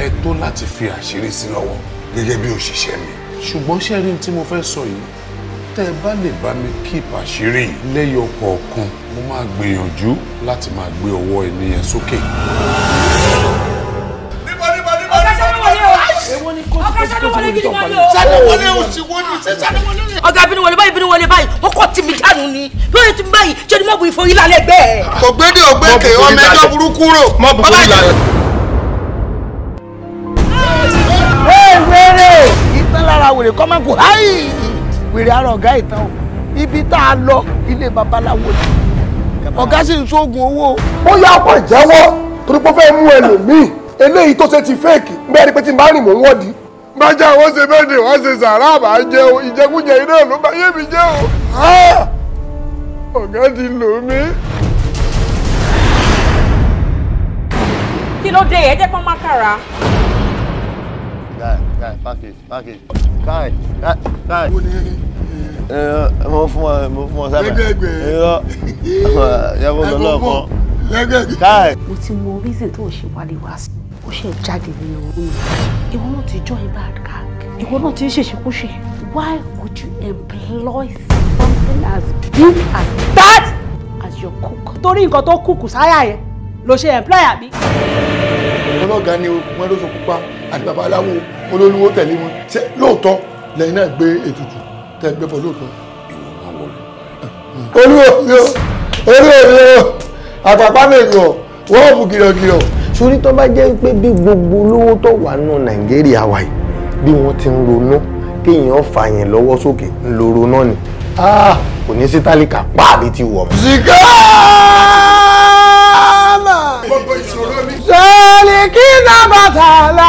ẹ tó láti fi àṣírí sí lọ́wọ́ gẹ́gẹ́ bí òṣìṣẹ́ mi. ṣùgbọ́n sẹ́rin tí mo fẹ́ sọ yìí tẹ́ ẹ bá lè bá mi kíp àṣírí lẹ́yọ kọ̀ọ̀kan mo máa gbìyànjú láti máa gbé ọwọ́ ẹni yẹn sókè. ọ̀gá sanwó-wọlé gidi wọlé o. o ti wọ́n ní sẹ́ sanwó-wọlé rẹ̀. ọ̀gá bínú wọlé báyìí bínú wọlé báyìí wọ́n kọ́ tì mí dànù ni bí wọ́n ti báyìí ṣé ni mọ́bù ìfọyín lálẹ́ gbẹ́. ògbédè ògbékè ọmọ ẹjọ́ burúkú rò. mọ́bù ìfọyín lálẹ́. wèrè kọ́ máa kó háì wèrè àrò ọ̀gá ìtàn o ibi tá a lọ ilé babaláwo ni ọ̀gá sì ń sóògùn owó. bóyá ọkọ̀ ìjẹ́wọ́ torí pé ó fẹ́ mú ẹlòmíì eléyìí tó ṣe ti fẹ́ẹ̀kì bẹ́ẹ̀ ni pé tí n bá rìn mò ń wọ́ọ̀dì bájá wọ́n ṣe bẹ́ẹ̀dẹ̀ wọ́n ṣe sàrà àbá jẹun ìjẹkújẹ iná ló bá yé mi jẹ́ o. Ah! ọ̀gá ti lò mí. kí ló dé yẹn jẹ́ pọ́n mákàrà guy, guy, package, package. Kai, kai, kai. Mo fún ọ, mo fún ọ sábà. Lẹ́gbẹ̀gbẹ̀. Yẹ́wọ́ lọ lọ́ọ̀kan. Lẹ́gbẹ̀gbẹ̀. Kai. Mo ti mọ reason tó ṣe wálé wá sí. Ó ṣe jáde nínú orí mi. Ìwọ náà ti join bad guy. Ìwọ náà ti ń ṣèṣekúṣe. Why would you employ something as big as that as your cook? Torí nǹkan tó kùkù sáyà yẹn ló ṣe employer àbí ọlọ́gàá ni wọ́n ló sọkúpa àti bàbá aláwo olólùwò tẹ̀lé wọn ṣé lóòótọ́ lẹ́yìn náà gbé ètùtù tẹ́ gbé fọ́ lóòótọ́. olúwo mi o olúwo mi o àpàpá mi rò wọ́n mú gírọ̀gírọ̀. sórí tó bá jẹ́ pé bí gbogbo olówó tó wà nù nàìjíríà wà yìí bí wọ́n ti ń ronú kéèyàn fà yẹn lọ́wọ́ sókè ńlọrọ náà ni ah! kò ní sí tálíkà pàbí ti wọ̀ mọ́. sìgá.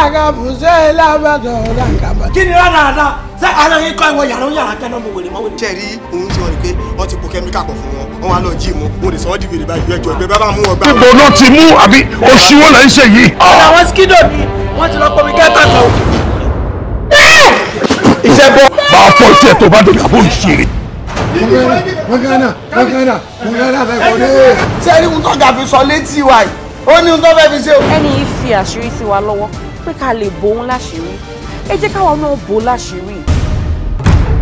àgàbù ṣe é lábàtọ̀ ọ̀dà nkàbà. kí ni rárá rárá ṣé ara yín kọ́ ìwọ yàrá yàrá tẹ́lẹ̀ ọmọ wèrè mọ́wé. ṣe rí òun ti wọn rí pé wọn ti po kẹ́míkà pọ̀ fún wọn wọn wá lọ jí mu wọn lè sọ ọ́ di wèrè báyìí ẹjọ́ ẹgbẹ́ bá mú wọn gbà. gbogbo ló ti mú àbí oṣù wọn là ń ṣe yìí. ọ̀dà wọn skido ni wọ́n ti lọ pọ̀ mi kẹ́tà kan. iṣẹ́ bọ́. máa fọ iṣẹ́ tó bá dé kàbó ìṣeré. mọ̀gánà mọ̀gánà mọ̀gánà bẹ́ẹ̀ kọ́ dé. ṣé ẹni tó ga fi sọ létí wa yìí ó ní tó fẹ́ fi ṣe. ẹni yìí fi àṣírí sí wa lọ́wọ́ pé ká lè bò ó láṣìírí ẹ jẹ́ káwa náà bò láṣìírí.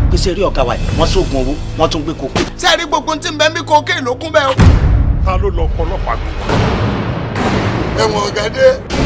gbèsè rí ọ̀gá wa yìí wọ́n sóògùn owó wọ́n tún gbé kókè. ṣé ẹ rí gbogbo tí ń bẹ mí kókè lókun bẹ́ẹ̀ ta ló lọ ọ̀pọ̀lọpọ̀ àgbẹ̀. ẹ̀wọ̀n ọ̀gá dé.